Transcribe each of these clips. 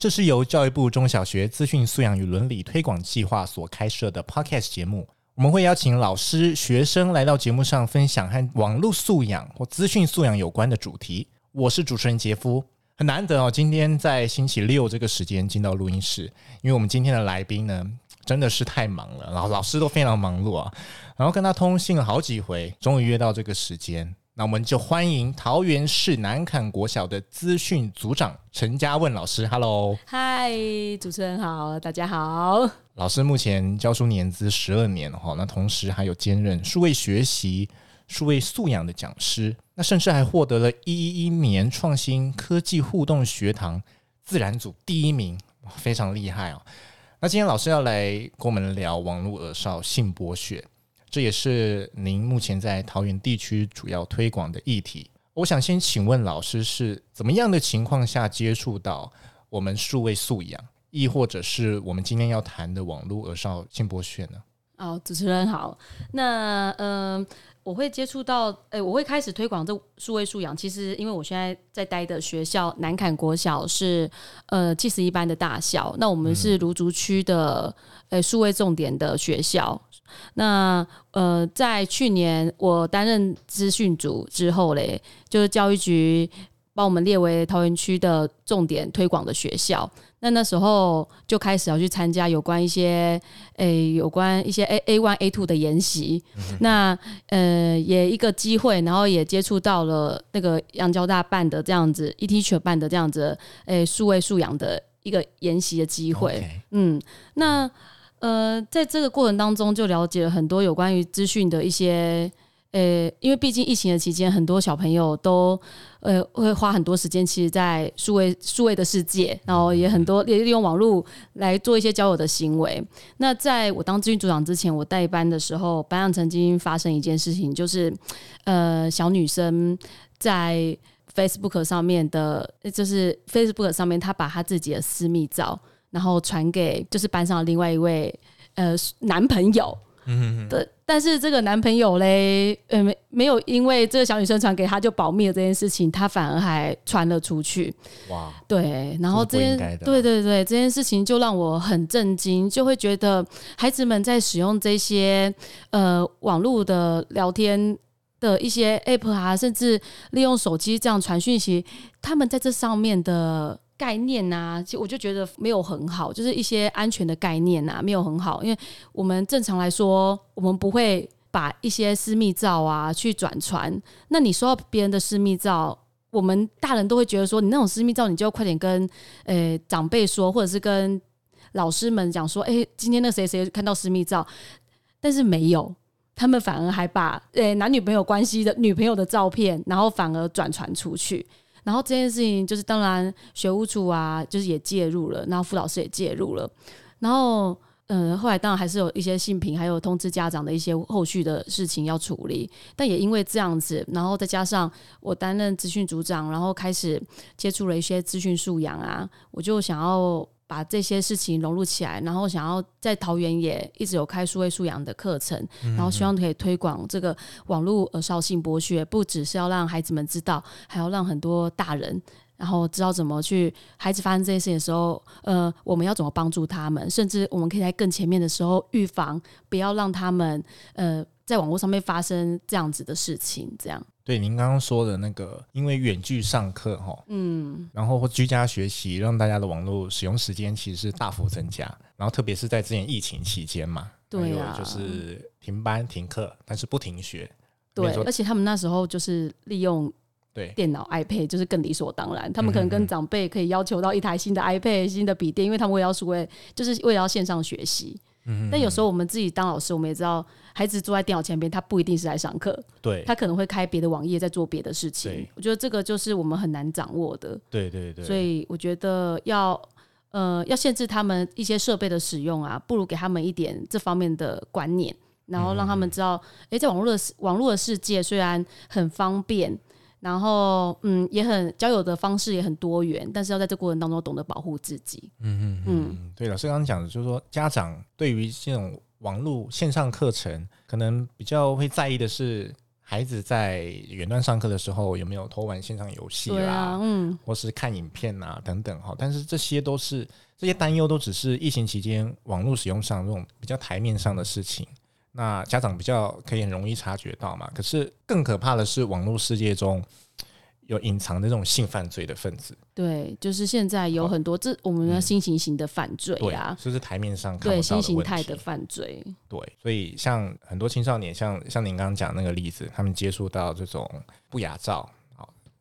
這是由教育部中小學資訊素養與倫理推廣計劃所開設的 podcast 節目，我們會邀請老師、學生來到節目上分享和網絡素養或資訊素養有關的主題。我是主持人傑夫，很難得哦，今天在星期六這個時間進到錄音室，因為我們今天的來賓呢，真的是太忙了，然後老師都非常忙碌啊，然後跟他通信了好幾回，終於約到這個時間。那我們就歡迎桃園市南崁國小的資訊組長陳佳妏老師，Hello，嗨，Hi, 主持人好，大家好。老師目前教書年資十二年哈，那同時還有兼任數位學習、數位素養的講師，那甚至還獲得了一一一年創新科技互動學堂自然組第一名，非常厲害啊、哦。那今天老師要來跟我們聊網路兒少性剝削這也是您目前在桃園地區主要推廣的議題。我想先請問老師，是怎麼樣的情況下接觸到我們數位素養，亦或者是我們今天要談的網路兒少性剝削呢？哦，主持人好。那嗯、呃，我會接觸到誒，我會開始推廣這數位素養。其實因為我現在在待的學校南崁國小是呃，七十一班的大校，那我們是蘆竹區的呃、嗯、數位重點的學校。那呃，在去年我擔任資訊組之後嘞，就是教育局把我們列為桃園區的重點推廣的學校。那那時候就開始要去參加有關一些誒，有關一些 A A one A two 的研習。那呃，也一個機會，然後也接觸到了那個陽交大辦的這樣子，eTeacher 辦的這樣子，誒，數位素養的一個研習的機會。嗯，那。呃，在這個過程當中，就了解了很多有關於資訊的一些，呃，因為畢竟疫情的期間，很多小朋友都，呃，會花很多時間，其實在數位數位的世界，然後也很多也利用網絡來做一些交友的行為。那在我當資訊組長之前，我帶班的時候，班上曾經發生一件事情，就是，呃，小女生在 Facebook 上面的，就是 Facebook 上面，她把她自己的私密照。然後傳給就是班上另外一位呃，男朋友，嗯，但是這個男朋友嘞，呃，沒沒有因為這個小女生傳給他就保密了這件事情，他反而還傳了出去。哇，對，然後這件，對對對，對，這件事情就讓我很震驚，就會覺得孩子們在使用這些呃，網絡的聊天的一些 app 啊，甚至利用手機這樣傳訊息，他們在這上面的概念吶、啊，其實我就覺得沒有很好，就是一些安全的概念吶、啊，沒有很好。因為我們正常來說，我們不會把一些私密照啊去轉傳。那你說到別人的私密照，我們大人都會覺得說，你那種私密照，你就快點跟誒、欸、長輩說，或者是跟老師們講說，哎、欸，今天那誰誰看到私密照，但是沒有，他們反而還把誒、欸、男女朋友關係的女朋友的照片，然後反而轉傳出去。然後這件事情就是，當然學務處啊，就是也介入了，然後傅老師也介入了，然後，嗯、呃，後來當然還是有一些性平，還有通知家長的一些後續的事情要處理，但也因為這樣子，然後再加上我擔任資訊組長，然後開始接觸了一些資訊素養啊，我就想要。把這些事情融入起來，然後想要在桃園也一直有開數位素養的課程，然後希望可以推廣這個網絡呃，兒少性剝削，不只是要讓孩子們知道，還要讓很多大人，然後知道怎麼去孩子發生這些事情的時候，呃，我們要怎麼幫助他們，甚至我們可以在更前面的時候預防，不要讓他們呃在網絡上面發生這樣子的事情，這樣。對，您剛剛說的那個，因為遠距上課哈，嗯，然後或居家學習，讓大家的網絡使用時間其實是大幅增加，然後特別是在之前疫情期間嘛，對啊，就，就是停班停課，但是不停學，對，而且他們那時候就是利用對電腦對 iPad 就是更理所當然，他們可能跟長輩可以要求到一台新的 iPad、新的筆電，因為他們為了要所謂就是為了要線上學習。但有時候我們自己當老師，我們也知道孩子坐在電腦前面，他不一定是來上課，對他可能會開別的網頁，在做別的事情。對我覺得這個就是我們很難掌握的。對對對，所以我覺得要呃要限制他們一些設備的使用啊，不如給他們一點這方面的觀念，然後讓他們知道，誒、嗯欸，在網絡的網絡的世界雖然很方便。然後，嗯，也很交友的方式也很多元，但是要在這過程當中懂得保護自己。嗯嗯嗯，對，老師剛剛講的就是說，家長對於這種網絡線上課程，可能比較會在意的是，孩子在遠端上課的時候有沒有偷玩線上遊戲啦，啊、嗯，或是看影片吶、啊、等等哈。但是這些都是這些擔憂都只是疫情期間網絡使用上那種比較台面上的事情。那家長比較可以很容易察覺到嘛，可是更可怕的是網絡世界中有隱藏的這種性犯罪的分子。對，就是現在有很多、哦、這我們的新型型的犯罪啊，嗯、就是台面上看到的對新形態的犯罪。對，所以像很多青少年，像像您剛剛講的那個例子，他們接觸到這種不雅照、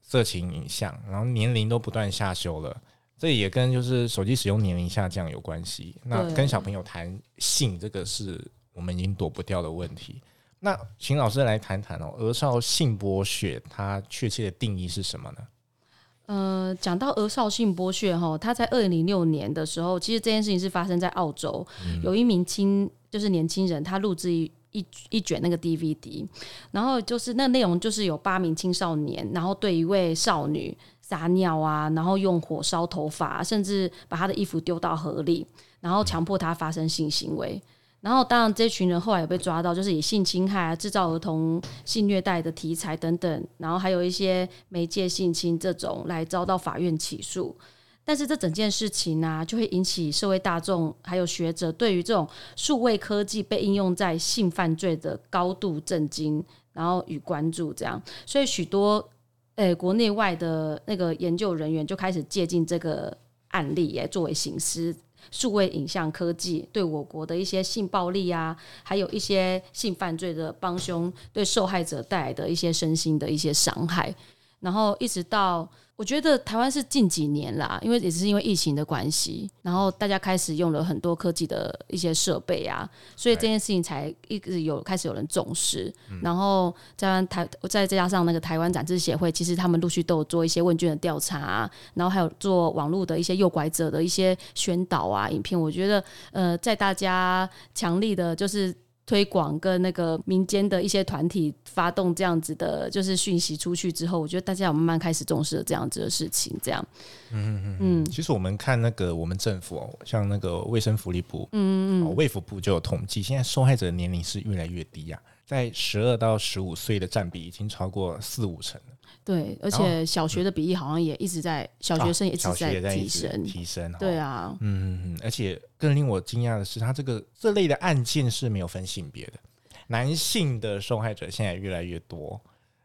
色情影像，然後年齡都不斷下修了，這也跟就是手機使用年齡下降有關係。那跟小朋友談性，這個是。我們已經躲不掉的問題，那請老師來談談哦。兒少性剝削，它確切的定義是什麼呢？呃，講到兒少性剝削哈，它在二零零六年的時候，其實這件事情是發生在澳洲，嗯、有一名青，就是年輕人，他錄制一一一卷那個 DVD，然後就是那內容就是有八名青少年，然後對一位少女撒尿啊，然後用火燒頭髮，甚至把他的衣服丟到河裡，然後強迫他發生性行為。嗯然後，當然，這群人後來也被抓到，就是以性侵害啊、製造兒童性虐待的題材等等，然後還有一些媒介性侵這種來遭到法院起訴。但是，這整件事情呢，啊，就會引起社會大眾還有學者對於這種數位科技被應用在性犯罪的高度震驚，然後與關注這樣。所以，許多呃、欸、國內外的那個研究人員就開始借鏡這個案例，欸，也作為形式。數位影像科技對我國的一些性暴力啊，還有一些性犯罪的幫兇，對受害者帶來的一些身心的一些傷害，然後一直到。我覺得台灣是近幾年啦，因為也是因為疫情的關係，然後大家開始用了很多科技的一些設備啊，所以這件事情才一直有開始有人重視。嗯、然後在台再再加上那個台灣展翅協會，其實他們陸續都有做一些問卷的調查、啊，然後還有做網絡的一些誘拐者的一些宣導啊、影片。我覺得，呃，在大家強力的，就是。推廣跟那個民間的一些團體發動這樣子的，就是訊息出去之後，我覺得大家有慢慢開始重視了這樣子的事情。這樣，嗯嗯，嗯，嗯，其實我們看那個我們政府哦，像那個衛生福利部，嗯，哦，衛福部就有統計，現在受害者的年齡是越來越低啊，在十二到十五歲的佔比已經超過四五成了。對，而且小學的比例好像也一直在，嗯、小學生也一直在提升，啊、提升。對啊，嗯，而且更令我驚訝的是，他這個這類的案件是沒有分性別的，男性的受害者現在越來越多，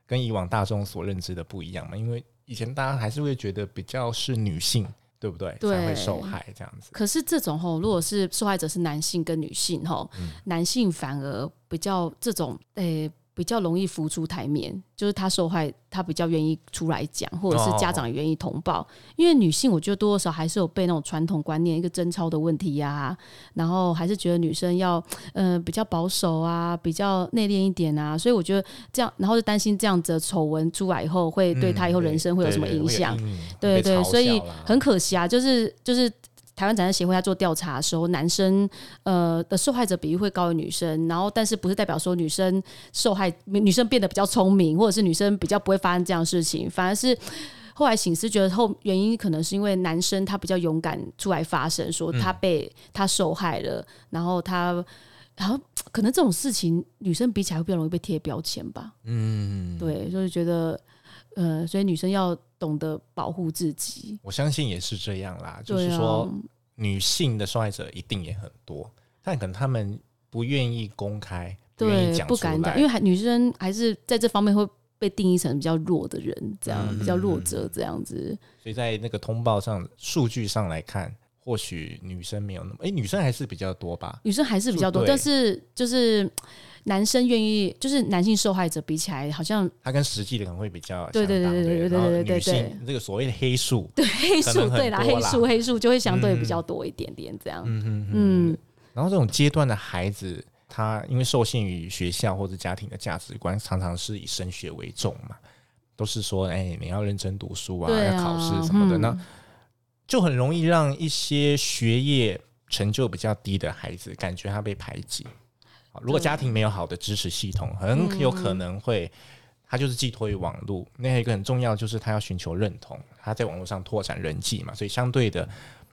跟以往大眾所認知的不一樣嘛，因為以前大家還是會覺得比較是女性，對不對？對才會受害這樣子。可是這種吼，如果是受害者是男性跟女性吼，嗯、男性反而比較這種，誒、欸。比較容易浮出台面，就是他受害，他比較願意出來講，或者是家長也願意通報。Oh. 因為女性，我覺得多多少少還是有被那種傳統觀念一個貞操的問題呀、啊，然後還是覺得女生要嗯、呃、比較保守啊，比較內斂一點啊。所以我覺得這樣，然後就擔心這樣子醜聞出來以後，會對她以後人生會有什麼影響？嗯對,對,嗯、對,對對，所以很可惜啊，就是就是。台灣展翅協會在做調查的時候，男生呃的受害者比例會高於女生，然後但是不是代表說女生受害，女生變得比較聰明，或者是女生比較不會發生這樣的事情，反而是後來省思覺得後原因可能是因為男生他比較勇敢出來發聲，說他被他受害了，嗯、然後他然後可能這種事情女生比起來會比較容易被貼標籤吧，嗯，對，所以覺得呃，所以女生要。懂得保護自己，我相信也是這樣啦。啊、就是說，女性的受害者一定也很多，但可能他們不願意公開，對，不願意講出來，不敢講，因為還女生還是在這方面會被定義成比較弱的人，這樣、嗯、比較弱者這樣子。所以在那個通報上，數據上來看。或許女生沒有那麼，哎、欸，女生還是比較多吧。女生還是比較多，但、就是就是男生願意，就是男性受害者比起來，好像他跟實際的可能會比較相當。對對對對對對對對對。對對對對女性對對對對，這個所謂的黑數，對，黑數對啦，黑數黑數就會相對比較多一點點這樣。嗯嗯。嗯哼哼嗯，然後這種階段的孩子，他因為受限於學校或者家庭的價值觀，常常是以升學為重嘛，都是說，哎、欸，你要認真讀書啊，啊要考試什麼的、嗯、那。就很容易讓一些學業成就比較低的孩子感覺他被排擠。如果家庭沒有好的支持系統，很有可能會他就是寄托於網絡。嗯、那還有一個很重要，就是他要尋求認同，他在網絡上拓展人際嘛，所以相對的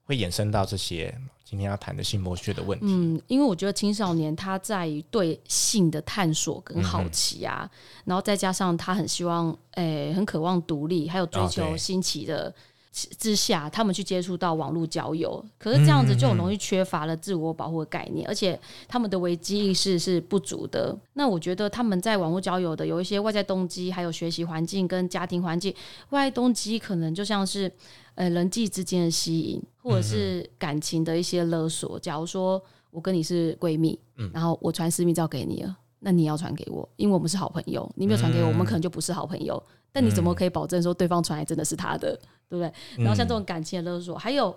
會衍生到這些今天要談的性剝削的問題。嗯，因為我覺得青少年他在對性的探索跟好奇啊，嗯、哼然後再加上他很希望誒、欸，很渴望獨立，還有追求新奇的、哦。之下，他們去接觸到網絡交友，可是這樣子就很容易缺乏了自我保護的概念，嗯、哼而且他們的危機意識是不足的。那我覺得他們在網絡交友的有一些外在動機，還有學習環境跟家庭環境，外在動機可能就像是呃人際之間的吸引，或者是感情的一些勒索。假如說我跟你是閨蜜，嗯、然後我傳私密照給你了。那你要傳給我，因為我們是好朋友。你沒有傳給我，嗯、我們可能就不是好朋友。但你怎麼可以保證說對方傳來真的是他的，嗯、對不對？然後像這種感情的勒索，還有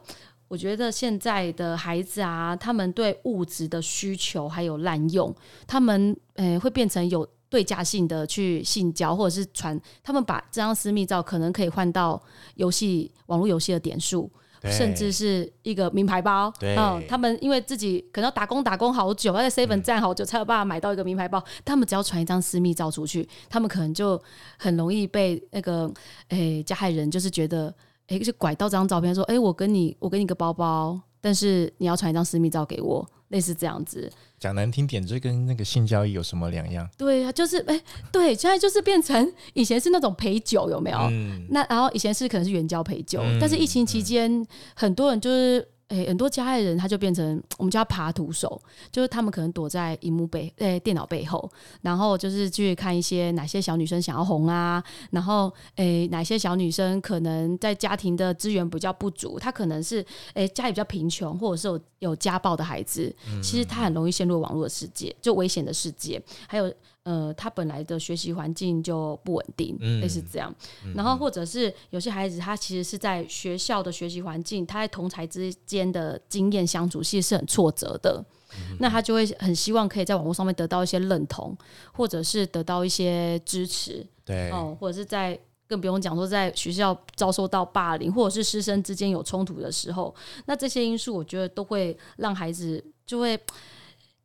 我覺得現在的孩子啊，他們對物質的需求還有濫用，他們誒、欸、會變成有對價性的去性交，或者是傳他們把這張私密照可能可以換到遊戲網絡遊戲的點數。對甚至是一個名牌包，對嗯，他們因為自己可能要打工打工好久，要在 seven 站好久，才有辦法買到一個名牌包。他們只要傳一張私密照出去，他們可能就很容易被那個，哎、欸，加害人就是覺得，哎、欸，就拐到這張照片，說，哎、欸，我跟你，我給你個包包，但是你要傳一張私密照給我，類似這樣子。講難聽點，這跟那個性交易有什麼兩樣？對啊，就是哎、欸，對，現在就是變成以前是那種陪酒，有沒有？嗯、那然後以前是可能是援交陪酒，嗯、但是疫情期間很多人就是。欸、很多加害人，他就變成我們叫他爬圖手，就是他們可能躲在熒幕背、哎、欸、電腦背後，然後就是去看一些哪些小女生想要紅啊，然後誒、欸，哪些小女生可能在家庭的資源比較不足，她可能是誒、欸，家裡比較貧窮，或者是有有家暴的孩子，其實她很容易陷入網絡的世界，就危險的世界，還有。呃，他本來的學習環境就不穩定，類似、嗯、這樣。然後，或者是有些孩子，他其實是在學校的學習環境，他在同儕之間的經驗相處，其實是很挫折的。嗯、哼那他就會很希望可以在網絡上面得到一些認同，或者是得到一些支持。對哦，或者是在更不用講說，在學校遭受到霸凌，或者是師生之間有衝突的時候，那這些因素，我覺得都會讓孩子就會。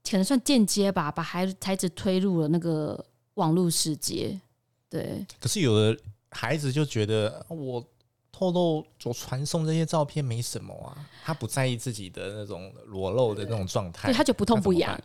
可能算間接吧，把孩子，孩子推入了那個網絡世界。對，可是有的孩子就覺得我透露，我傳送這些照片沒什麼啊，他不在意自己的那種裸露的那種狀態，他就不痛不癢。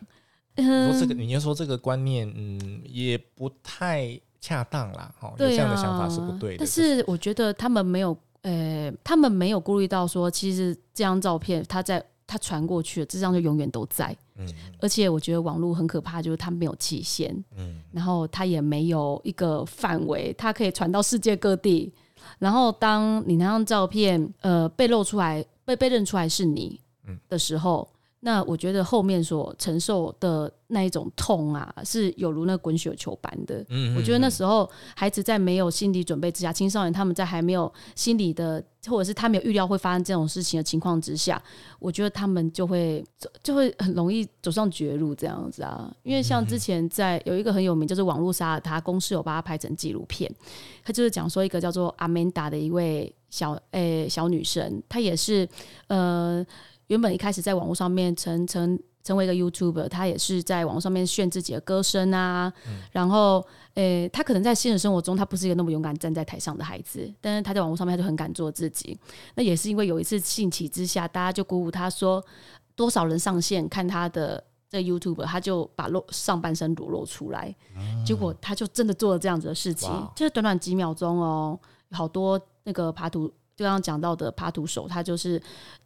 嗯、你說這個，你就說這個觀念，嗯，也不太恰當啦。哈、喔，有這樣的想法是不對的。但是我覺得他們沒有，呃、欸，他們沒有顧慮到說，其實這張照片他在。它傳過去了，這張就永遠都在。嗯嗯、而且我覺得網絡很可怕，就是它沒有期限。嗯、然後它也沒有一個範圍，它可以傳到世界各地。然後當你那張照片，呃，被露出來，被被認出來是你的時候。嗯那我覺得後面所承受的那一種痛啊，是有如那滾雪球般的。嗯、哼 我覺得那時候、嗯、哼孩子在沒有心理準備之下，青少年他們在還沒有心理的，或者是他沒有預料會發生這種事情的情況之下，我覺得他們就會就會很容易走上絕路這樣子啊。因為像之前在、嗯、哼有一個很有名，就是網絡殺，他公司有把他拍成紀錄片，他就是講說一個叫做阿曼達的一位小誒、欸、小女生，她也是呃。原本一開始在網絡上面成成成為一個 YouTuber，他也是在網絡上面炫自己的歌聲啊。嗯、然後，誒、欸，他可能在現實生活中他不是一個那麼勇敢站在台上的孩子，但是他在網絡上面他就很敢做自己。那也是因為有一次興起之下，大家就鼓舞他說，多少人上線看他的這 YouTuber，他就把露上半身裸露出來，嗯、結果他就真的做了這樣子的事情。哇 就是短短幾秒鐘哦、喔，好多那個爬圖，剛剛講到的爬圖手，他就是。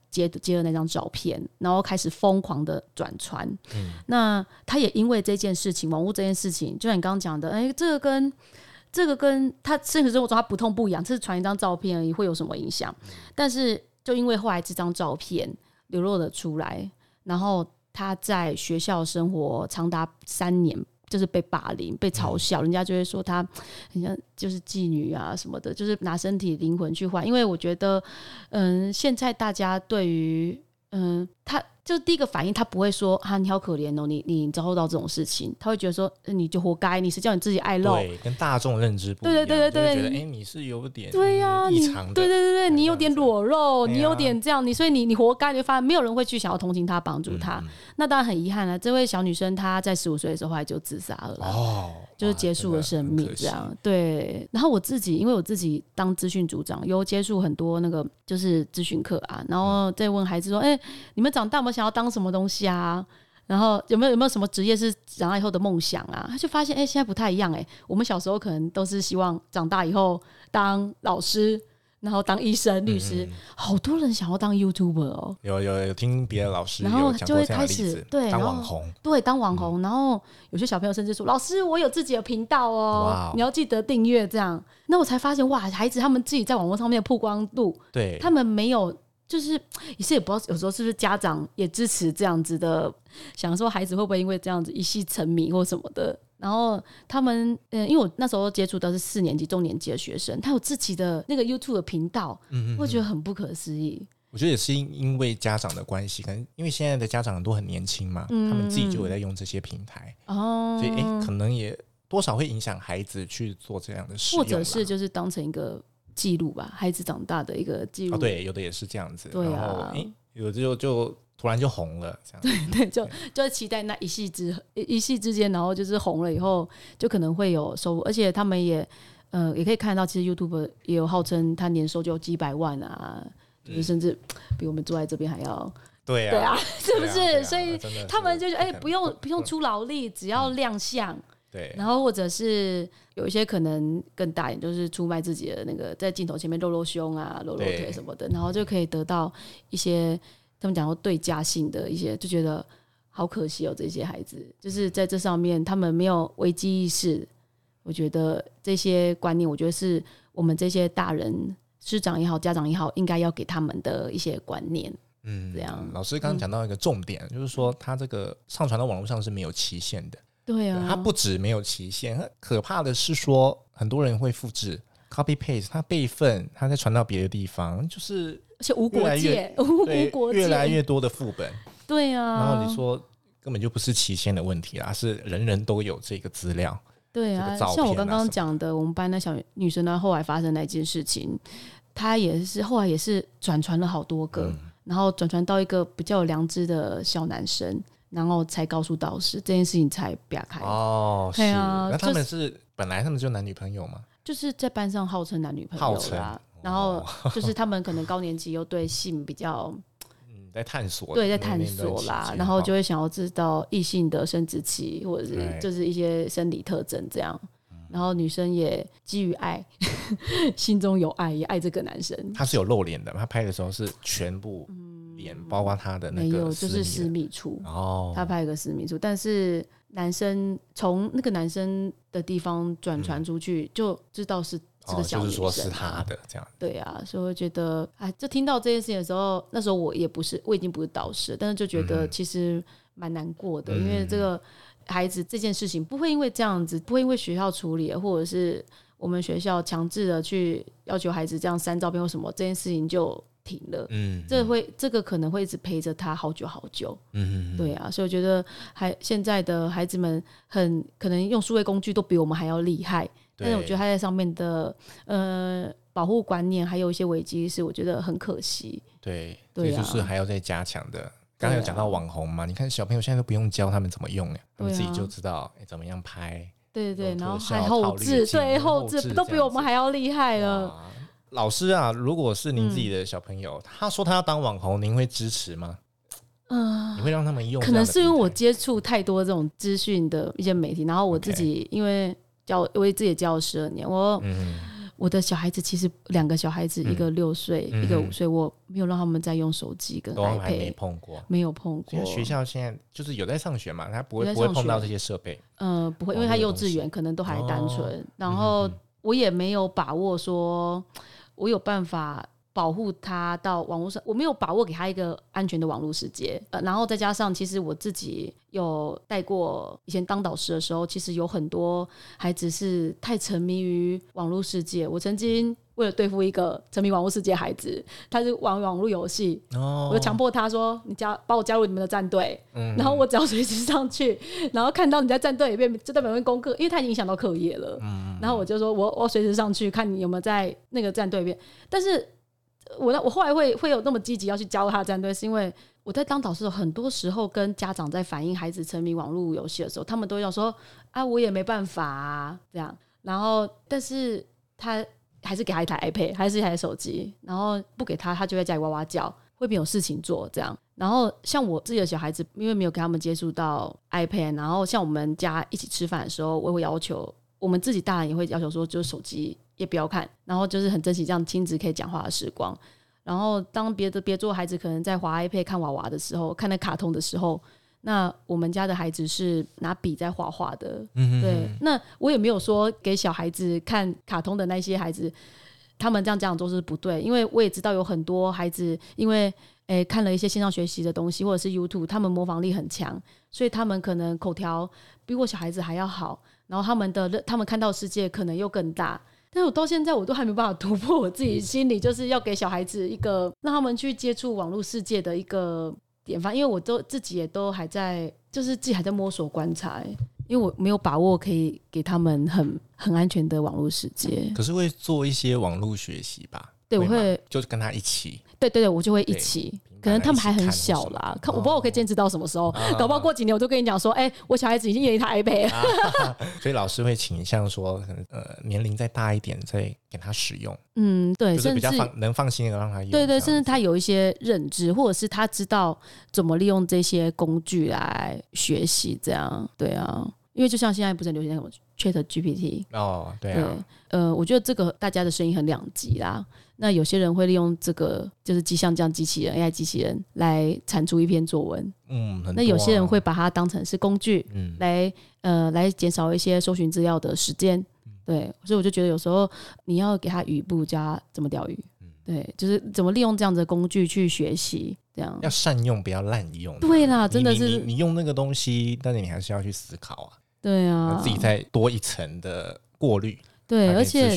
接接了那張照片，然後開始瘋狂的轉傳。嗯、那他也因為這件事情，網絡這件事情，就像你剛剛講的，哎、欸，這個跟這個跟他現實生活中他不痛不癢，只是傳一張照片而已，會有什麼影響？嗯、但是就因為後來這張照片流露了出來，然後他在學校生活長達三年。就是被霸凌、被嘲笑，人家就會說她，好像就是妓女啊什麼的，就是拿身體、靈魂去換。因為我覺得，嗯，現在大家對於，嗯，她。就第一個反應，他不會說啊，你好可憐哦，你你，你遭受到這種事情，他會覺得說，你就活該，你是叫你自己愛露。對，跟大眾認知不一樣。對對對對對，會覺得哎，欸，你是有點對呀，啊，異常的。對對對對，對你有點裸露，啊，你有點這樣，你所以你你活該，你就發現沒有人會去想要同情他，幫助他。嗯嗯，那當然很遺憾了，啊，這位小女生她在十五歲的時候後來就自殺了。哦。就是結束了生命，這樣、啊、對。然後我自己，因為我自己當資訊組長，有接觸很多那個就是資訊課啊。然後再問孩子說：“哎、嗯欸，你們長大有沒有想要當什麼東西啊？然後有沒有有沒有什麼職業是長大以後的夢想啊？”他就發現，哎、欸，現在不太一樣、欸。哎，我們小時候可能都是希望長大以後當老師。然後當醫生、律師，嗯嗯好多人想要當 YouTuber 哦。有有有有聽別的老師的，然後就會開始對，當網，對當網紅，對當網紅。然後有些小朋友甚至說：“老師，我有自己的頻道哦，哇哦你要記得訂閱這樣。”那我才發現，哇，孩子他們自己在網絡上面的曝光度，對，他們沒有就是也是也不知道，有時候是不是家長也支持這樣子的，想說孩子會不會因為這樣子一系沉迷或什麼的。然後他們，嗯，因為我那時候接觸都是四年級、中年級的學生，他有自己的那個 YouTube 的頻道，嗯、哼哼我覺得很不可思議。我覺得也是因為家長的關係，可能因為現在的家長都很，很年輕嘛，嗯、他們自己就會在用這些平台，嗯、所以哎，可能也多少會影響孩子去做這樣的事，或者是就是當成一個記錄吧，孩子長大的一個記錄、哦。對，有的也是這樣子，對啊，有的就就突然就紅了這樣對，對對，就就期待那一夕之一夕之間，然後就是紅了以後，就可能會有收入。而且他們也，嗯、呃、也可以看到，其實 YouTube 也有號稱他年收就幾百萬啊，嗯、就是甚至比我們坐在這邊還要，對啊，對啊，是不是？啊啊啊、所以他們就說哎，不用不用出勞力，只要亮相。嗯對，然後或者是有一些可能更大一點，就是出賣自己的那個在鏡頭前面露露胸啊、露露腿對什麼的，然後就可以得到一些他們講說對價性的一些，就覺得好可惜哦，這些孩子就是在這上面他們沒有危機意識。嗯、我覺得這些觀念，我覺得是我們這些大人、師長也好、家長也好，應該要給他們的一些觀念。嗯，這樣。老師剛剛講到一個重點，嗯、就是說他這個上傳到網絡上是沒有期限的。對啊對，它不止沒有期限，可怕的是說很多人會複製、copy paste，它備份，它再傳到別的地方，就是而且無國界，對無國界，越來越多的副本。對啊，然後你說根本就不是期限的問題啦，而是人人都有這個資料。對啊，啊像我剛剛講的，我們班那小女生呢，後來發生那一件事情，她也是後來也是轉傳了好多個，嗯、然後轉傳到一個比較有良知的小男生。然後才告訴導師這件事情才表開哦，是啊，那他們是、就是、本來他們就男女朋友嘛，就是在班上號稱男女朋友啦，號稱哦、然後就是他們可能高年級又對性比較嗯在探索，對在探索啦，哦、然後就會想要知道異性的生殖器或者是就是一些生理特徵這樣，對然後女生也基於愛，嗯、 心中有愛也愛這個男生，他是有露臉的，他拍的時候是全部、嗯。包括他的那個私密處，嗯、就是、米哦，他拍一個私密處，但是男生從那個男生的地方轉傳出去，嗯、就知道是這個小、哦、就是說是他的這樣對啊，所以我覺得哎，就聽到這件事情的時候，那時候我也不是，我已經不是導師了，但是就覺得其實蠻難過的，嗯、因為這個孩子這件事情不會因為這樣子，不會因為學校處理，或者是我們學校強制的去要求孩子這樣刪照片或什麼，這件事情就。平了，嗯，這會這個可能會一直陪着他好久好久，嗯對啊，所以我覺得還現在的孩子們很可能用數位工具都比我們還要厲害，但是我覺得他在上面的呃保護觀念還有一些危機是我覺得很可惜，對，對就是還要再加強的。剛剛有講到網紅嘛，你看小朋友現在都不用教他們怎麼用呀，他們自己就知道哎怎麼樣拍，對對對，然後還後製，對後製都比我們還要厲害了。老師啊，如果是您自己的小朋友，他說他要當網紅，您會支持嗎？嗯，你會讓他們用？可能是因為我接觸太多這種資訊的一些媒體，然後我自己因為教，我自己也教了十二年，我我的小孩子其實兩個小孩子，一個六歲，一個五歲，我沒有讓他們在用手機跟 iPad，都還沒碰過，沒有碰過。因為學校現在就是有在上學嘛，他不會不會碰到這些設備。嗯，不會，因為他幼稚園可能都還單純，然後我也沒有把握說。我有辦法保護他到網絡上，我沒有把握給他一個安全的網絡世界。呃，然後再加上，其實我自己有帶過，以前當導師的時候，其實有很多孩子是太沉迷於網絡世界。我曾經。為了對付一個沉迷網絡世界孩子，他是玩網絡遊戲，Oh. 我就強迫他說：“你加把我加入你們的戰隊。嗯”然後我只要隨時上去，然後看到你在戰隊裡面，就代表會功課，因為他已經影響到課業了。嗯、然後我就說：“我我隨時上去看你有沒有在那個戰隊裡面。”但是我，我我後來會會有那麼積極要去加入他的戰隊，是因為我在當導師很多時候跟家長在反映孩子沉迷網絡遊戲的時候，他們都要說：“啊，我也沒辦法、啊、這樣。”然後，但是他。還是給他一台 iPad，還是一台手機，然後不給他，他就會在家裡哇哇叫，會沒有事情做這樣。然後像我自己的小孩子，因為沒有給他們接觸到 iPad，然後像我們家一起吃飯的時候，我也會要求我們自己大人也會要求說，就是手機也不要看，然後就是很珍惜這樣親子可以講話的時光。然後當別的別桌孩子可能在滑 iPad 看娃娃的時候，看那卡通的時候。那我們家的孩子是拿筆在畫畫的，對。那我也沒有說給小孩子看卡通的那些孩子，他們這樣講都是不對。因為我也知道有很多孩子，因為誒、欸、看了一些線上學習的東西，或者是 YouTube，他們模仿力很強，所以他們可能口條比我小孩子還要好，然後他們的他們看到世界可能又更大。但是我到現在我都還沒辦法突破我自己心裡，就是要給小孩子一個讓他們去接觸網絡世界的一個。研發，因為我都自己也都還在，就是自己還在摸索觀察、欸，因為我沒有把握可以給他們很很安全的網絡世界。可是會做一些網絡學習吧？對，我會就是跟他一起。對，對對對，我就會一起。奶奶可能他們還很小啦，哦、我不知道我可以堅持到什麼時候，啊、搞不好過幾年我都跟你講說，哎、欸，我小孩子已經有一台 iPad。所以老師會傾向說，可能呃年齡再大一點再給他使用。嗯，對，就是比較放至能放心的讓他用。對，對對，甚至他有一些認知，或者是他知道怎麼利用這些工具來學習，這樣。對啊，因為就像現在不是流行那種 Chat GPT 哦。對，啊、對，呃，我覺得這個大家的聲音很兩極啦。那有些人會利用這個，就是像這樣機器人 AI 機器人來產出一篇作文。嗯，啊、那有些人會把它當成是工具，嗯，來呃來減少一些搜尋資料的時間。嗯、對，所以我就覺得有時候你要給他魚，不如教怎麼釣魚。嗯、對，就是怎麼利用這樣的工具去學習，這樣。要善用，不要濫用。對啦，你真的是你,你用那個東西，但是你還是要去思考啊。對啊。自己再多一層的過濾。對，而且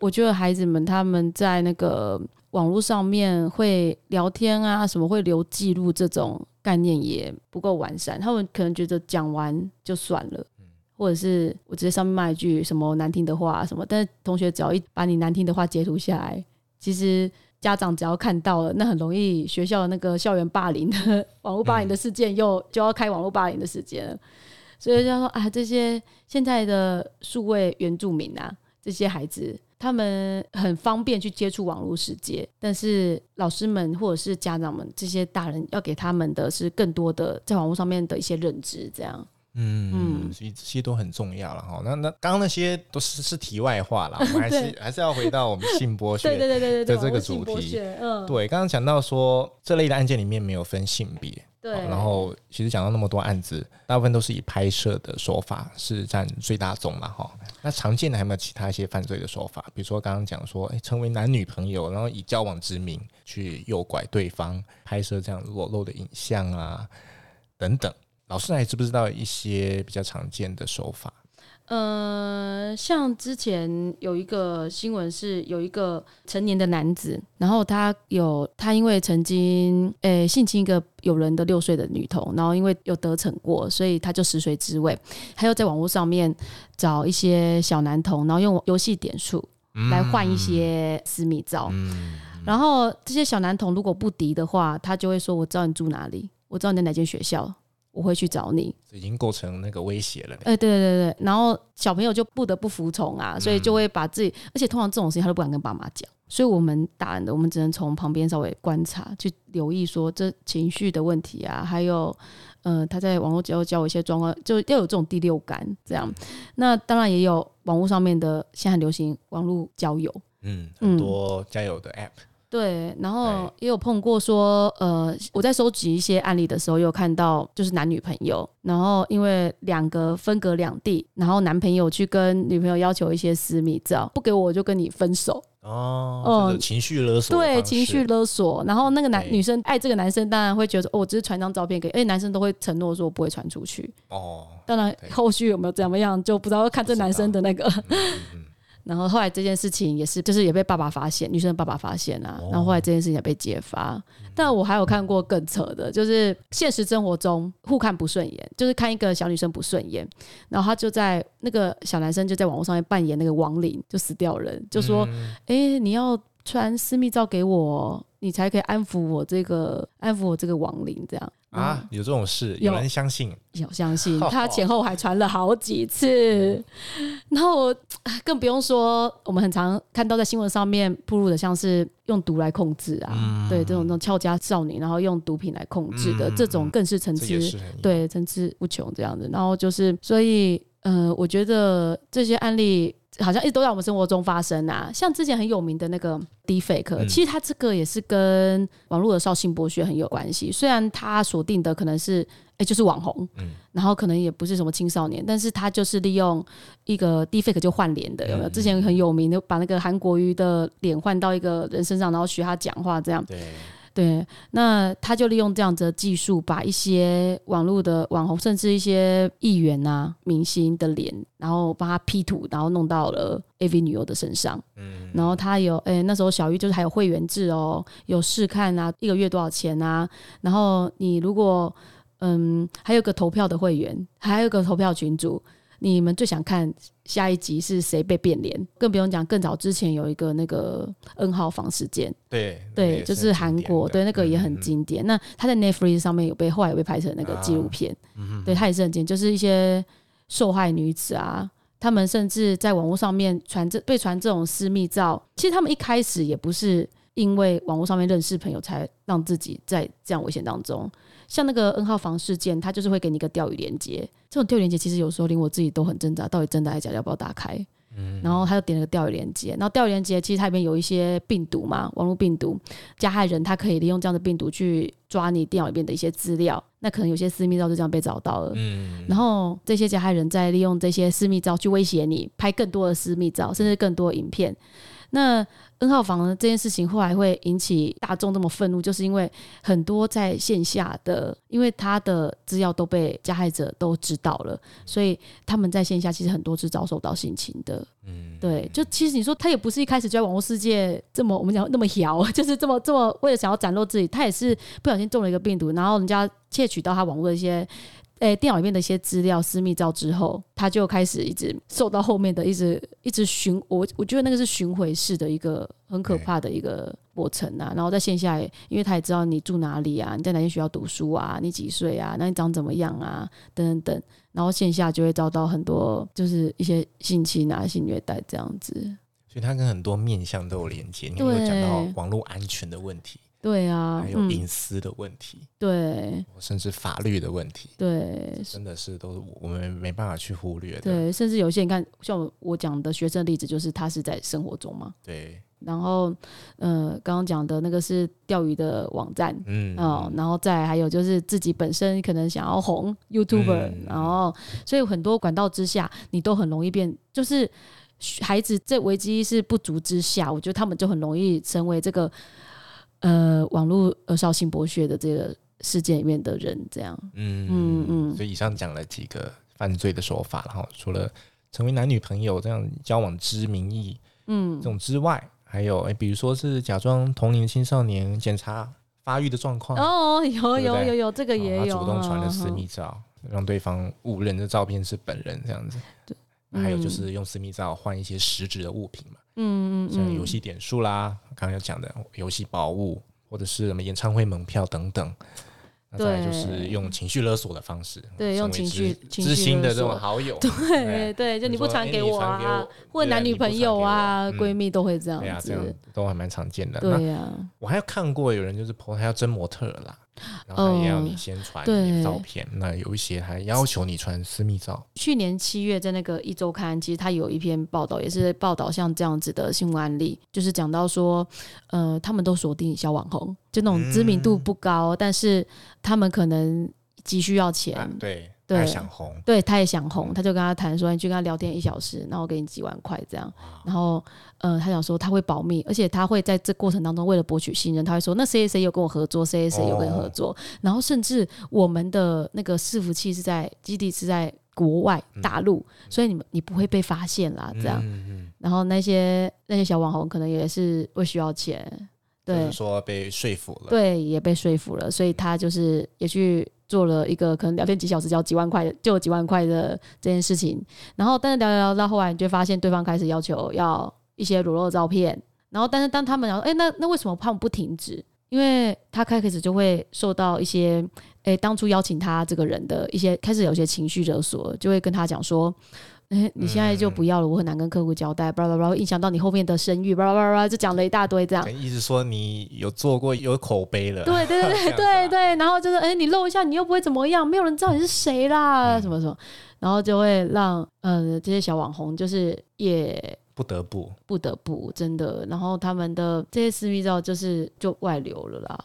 我覺得孩子們他們在那個網絡上面會聊天啊，什麼會留記錄，這種概念也不夠完善。他們可能覺得講完就算了，或者是我直接上面罵一句什麼難聽的話什麼，但是同學只要一把你難聽的話截圖下來，其實家長只要看到了，那很容易學校的那個校園霸凌的網絡霸凌的事件又就要開網絡霸凌的事件。所以就說啊，這些現在的數位原住民啊，這些孩子，他們很方便去接觸網絡世界，但是老師們或者是家長們，這些大人要給他們的是更多的在網絡上面的一些認知，這樣。嗯，嗯，所以這些都很重要了哈。那那剛剛那些都是是題外話啦，我們還是 對 還是要回到我們性剝削的這個主題。對，對，對，對，對，對，剛剛講到說這類的案件裡面沒有分性別。對，然後其實講到那麼多案子，大部分都是以拍攝的手法是佔最大宗嘛，哈。那常見的還有沒有其他一些犯罪的手法？比如說剛剛講說，哎，成為男女朋友，然後以交往之名去誘拐對方，拍攝這樣裸露的影像啊，等等。老師，還知不知道一些比較常見的手法？呃，像之前有一個新聞是，有一個成年的男子，然後他有他因為曾經呃、欸、性侵一個友人的六歲的女童，然後因為有得逞過，所以他就食髓知味，他又在網絡上面找一些小男童，然後用遊戲點數來換一些私密照，嗯嗯嗯、然後這些小男童如果不敵的話，他就會說我知道你住哪裡，我知道你在哪間學校。我會去找你，已經構成那個威脅了。誒，對對對對，然後小朋友就不得不服從啊，所以就會把自己，嗯、而且通常這種事情他都不敢跟爸媽講，所以我們大人的我們只能從旁邊稍微觀察，去留意說這情緒的問題啊，還有嗯、呃，他在網絡交教我一些狀況，就要有這種第六感這樣。那當然也有網絡上面的現在很流行網絡交友，嗯，很多交友的 App。嗯對，然後也有碰過說，對呃，我在收集一些案例的時候，有看到就是男女朋友，然後因為兩個分隔兩地，然後男朋友去跟女朋友要求一些私密照，不給我就跟你分手。哦，嗯、情緒勒索。對，情緒勒索。然後那個男對女生愛這個男生，當然會覺得，對哦，我只是傳張照片給，因為男生都會承諾說我不會傳出去。哦，當然後續有沒有怎麼樣對就不知道，看這男生的那個、啊。 嗯嗯然後後來這件事情也是，就是也被爸爸發現，女生的爸爸發現啊。哦、然後後來這件事情也被揭發。但我還有看過更扯的，就是現實生活中互看不順眼，就是看一個小女生不順眼，然後他就在那個小男生就在網絡上面扮演那個亡靈，就死掉人，就說：“哎、嗯，欸，你要傳私密照給我，你才可以安撫我這個安撫我這個亡靈。”這樣。啊，有這種事，有，有人相信有，有相信，他前後還傳了好幾次，哦、然後我更不用說，我們很常看到在新聞上面曝露的，像是用毒來控制啊，嗯、對這種這種翹家少女，然後用毒品來控制的，嗯、這種更是層出，對，層出不窮這樣子，然後就是，所以，呃，我覺得這些案例。好像一直都在我們生活中發生啊，像之前很有名的那個 Deepfake，嗯、其實它這個也是跟網絡的兒少性剝削很有關係。雖然它鎖定的可能是哎，欸、就是網紅，嗯、然後可能也不是什麼青少年，但是它就是利用一個 Deepfake 就換臉的，有沒有？嗯、之前很有名的，把那個韓國瑜的臉換到一個人身上，然後學他講話這樣。對，那他就利用這樣子的技術，把一些網絡的網紅，甚至一些議員啊、明星的臉，然後幫他 P 圖，然後弄到了 AV 女優的身上。嗯，然後他有，哎、欸，那時候小玉就是還有會員制哦，有試看啊，一個月多少錢啊？然後你如果，嗯，還有個投票的會員，還有個投票群組。你們最想看下一集是誰被變臉？更不用講，更早之前有一個那個 N 號房事件，對對，對是就是韓國對，那個也很經典。嗯、哼那他在 Netflix 上面有被後來有被拍成那個紀錄片，啊嗯、對，他也是很經典，就是一些受害女子啊，他們甚至在網絡上面傳這被傳這種私密照，其實他們一開始也不是因為網絡上面認識朋友才讓自己在這樣危險當中。像那個 N 號房事件，他就是會給你一個釣魚鏈接，這種釣魚鏈接其實有時候連我自己都很掙扎，到底真的還是假的，要不要打開？嗯，然後他就點了個釣魚鏈接，然後釣魚鏈接其實它裡面有一些病毒嘛，網絡病毒，加害人他可以利用這樣的病毒去抓你電腦裡面的一些資料，那可能有些私密照就這樣被找到了。嗯，然後這些加害人在利用這些私密照去威脅你，拍更多的私密照，甚至更多的影片，那。N 號房這件事情後來會引起大眾那麼憤怒，就是因為很多在線下的，因為他的資料都被加害者都知道了，所以他們在線下其實很多是遭受到性侵的。嗯，對，就其實你說他也不是一開始就在網絡世界這麼我們講那麼遙，就是這麼這麼為了想要展露自己，他也是不小心中了一個病毒，然後人家竊取到他網絡的一些。哎、欸，電腦裡面的一些資料、私密照之後，他就開始一直受到後面的一直，一直一直尋我，我覺得那個是巡回式的一個很可怕的一個過程啊。對然後在線下，因為他也知道你住哪裡啊，你在哪些學校讀書啊，你幾歲啊，那你長怎麼樣啊，等等等。然後線下就會遭到很多就是一些性侵啊、性虐待這樣子。所以他跟很多面相都有連接，你有沒有講到網絡安全的問題？對啊，嗯、還有隱私的問題，對，甚至法律的問題，對，真的是都我們沒辦法去忽略的。對，甚至有些你看，像我講的學生例子，就是他是在生活中嘛，對。然後，呃，剛剛講的那個是釣魚的網站，嗯、哦、然後再還有就是自己本身可能想要紅 YouTuber，、嗯、然後，所以很多管道之下，你都很容易變，就是孩子在危機是不足之下，我覺得他們就很容易成為這個。呃，網絡呃，兒少性剝削的這個事件裡面的人，這樣，嗯嗯嗯，嗯，所以以上講了幾個犯罪的手法，然後除了成為男女朋友這樣交往之名義，嗯，這種之外，嗯、還有誒、欸、比如說是假裝同齡青少年檢查發育的狀況，哦，有對對有有有，這個也有，他主動傳的私密照、哦、讓對方誤認的照片是本人這樣子，對，嗯、還有就是用私密照換一些實質的物品嘛。嗯，像遊戲點數啦，剛剛有講的遊戲寶物，或者是什麼演唱會門票等等，對，那再來就是用情緒勒索的方式，對，用情緒、知心的這種好友，對對，就你不傳給我啊，或男女朋友啊、閨蜜都會這樣。對啊，這個都還蠻常見的。對呀，我還有看過有人就是拍要真模特啦，然後也要你先傳你照片，呃、那有一些還要求你傳私密照。去年七月在那個《一周刊》，其實他有一篇報道，也是報道像這樣子的新聞案例，嗯、就是講到說，呃，他們都鎖定小網紅，就那種知名度不高，嗯、但是他們可能急需要錢。啊、對。對，對他也想紅，他就跟他談說，你去跟他聊天一小時，那我給你幾萬塊這樣。然後，嗯、呃，他想說他會保密，而且他會在這過程當中為了博取信任，他會說那 C S C 有跟我合作，C S C 有跟我合作。然後，甚至我們的那個伺服器是在基地是在國外大陸，嗯、所以你們你不會被發現啦這樣。嗯嗯嗯、然後那些那些小網紅可能也是會需要錢，對，說被說服了，對，也被說服了，所以他就是也去。做了一個可能聊天幾小時，交幾萬塊，就有幾萬塊的這件事情。然後，但是聊聊聊到後來，你就發現對方開始要求要一些裸露的照片。然後，但是當他們聊，後，哎，那那為什麼他們不停止？因為他開始就會受到一些，哎、欸，當初邀請他這個人的一些開始有些情緒勒索，就會跟他講說。哎、欸，你現在就不要了，嗯、我很難跟客戶交代，巴拉巴拉，影響到你後面的聲譽，巴拉巴拉，就講了一大堆這樣。一直說你有做過，有口碑了。對對對、啊、對對對，然後就是哎、欸，你露一下，你又不會怎麼樣，沒有人知道你是誰啦，嗯、什麼什麼，然後就會讓呃這些小網紅就是也不得不不得不真的，然後他們的這些私密照就是就外流了啦，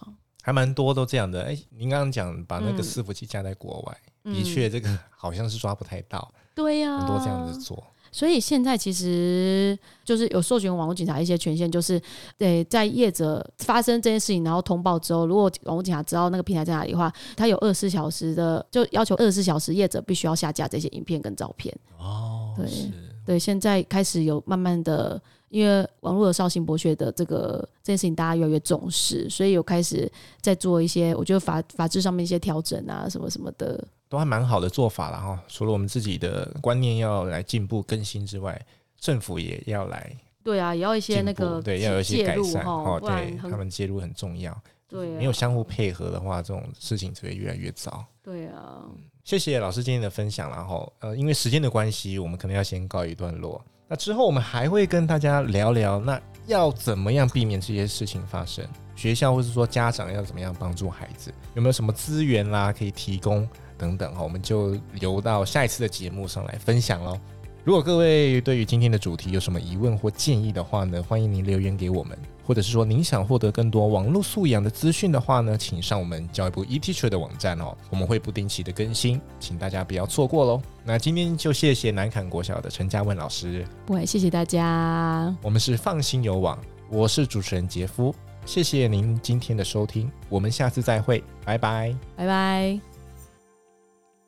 還蠻多都這樣的。哎、欸，您剛剛講把那個伺服器架在國外，嗯、的確這個好像是抓不太到。對呀，很多這樣子做，所以現在其實就是有授權網絡警察一些權限，就是，對在業者發生這件事情，然後通報之後，如果網絡警察知道那個平台在哪裡的話，他有二十四小時的，就要求二十四小時業者必須要下架這些影片跟照片。哦，對，是對，現在開始有慢慢的，因為網絡的兒少性剝削的這個這件事情，大家越來越重視，所以有開始在做一些，我覺得法法制上面一些調整啊，什麼什麼的。都還蠻好的做法了哈，除了我們自己的觀念要來進步更新之外，政府也要來。對啊，也要一些那個對，要有一些改善。哈介入，喔、對他們介入很重要。對、啊嗯，沒有相互配合的話，這種事情只會越來越糟。對啊，謝謝老師今天的分享，然後呃，因為時間的關係，我們可能要先告一段落。那之後我們還會跟大家聊聊，那要怎麼樣避免這些事情發生？學校或者說家長要怎麼樣幫助孩子？有沒有什麼資源啦可以提供？等等，我們就留到下一次的節目上來分享嘍。如果各位對於今天的主題有什麼疑問或建議的話呢，歡迎您留言給我們，或者是說您想獲得更多網絡素養的資訊的話呢，請上我們教育部 eTeacher 的網站哦，我們會不定期的更新，請大家不要錯過嘍。那今天就謝謝南崁國小的陳佳妏老師，我也，謝謝大家，我們是放心遊網，我是主持人杰夫，謝謝您今天的收聽，我們下次再會，拜拜，拜拜。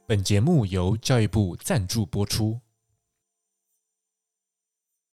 本節目由教育部贊助播出。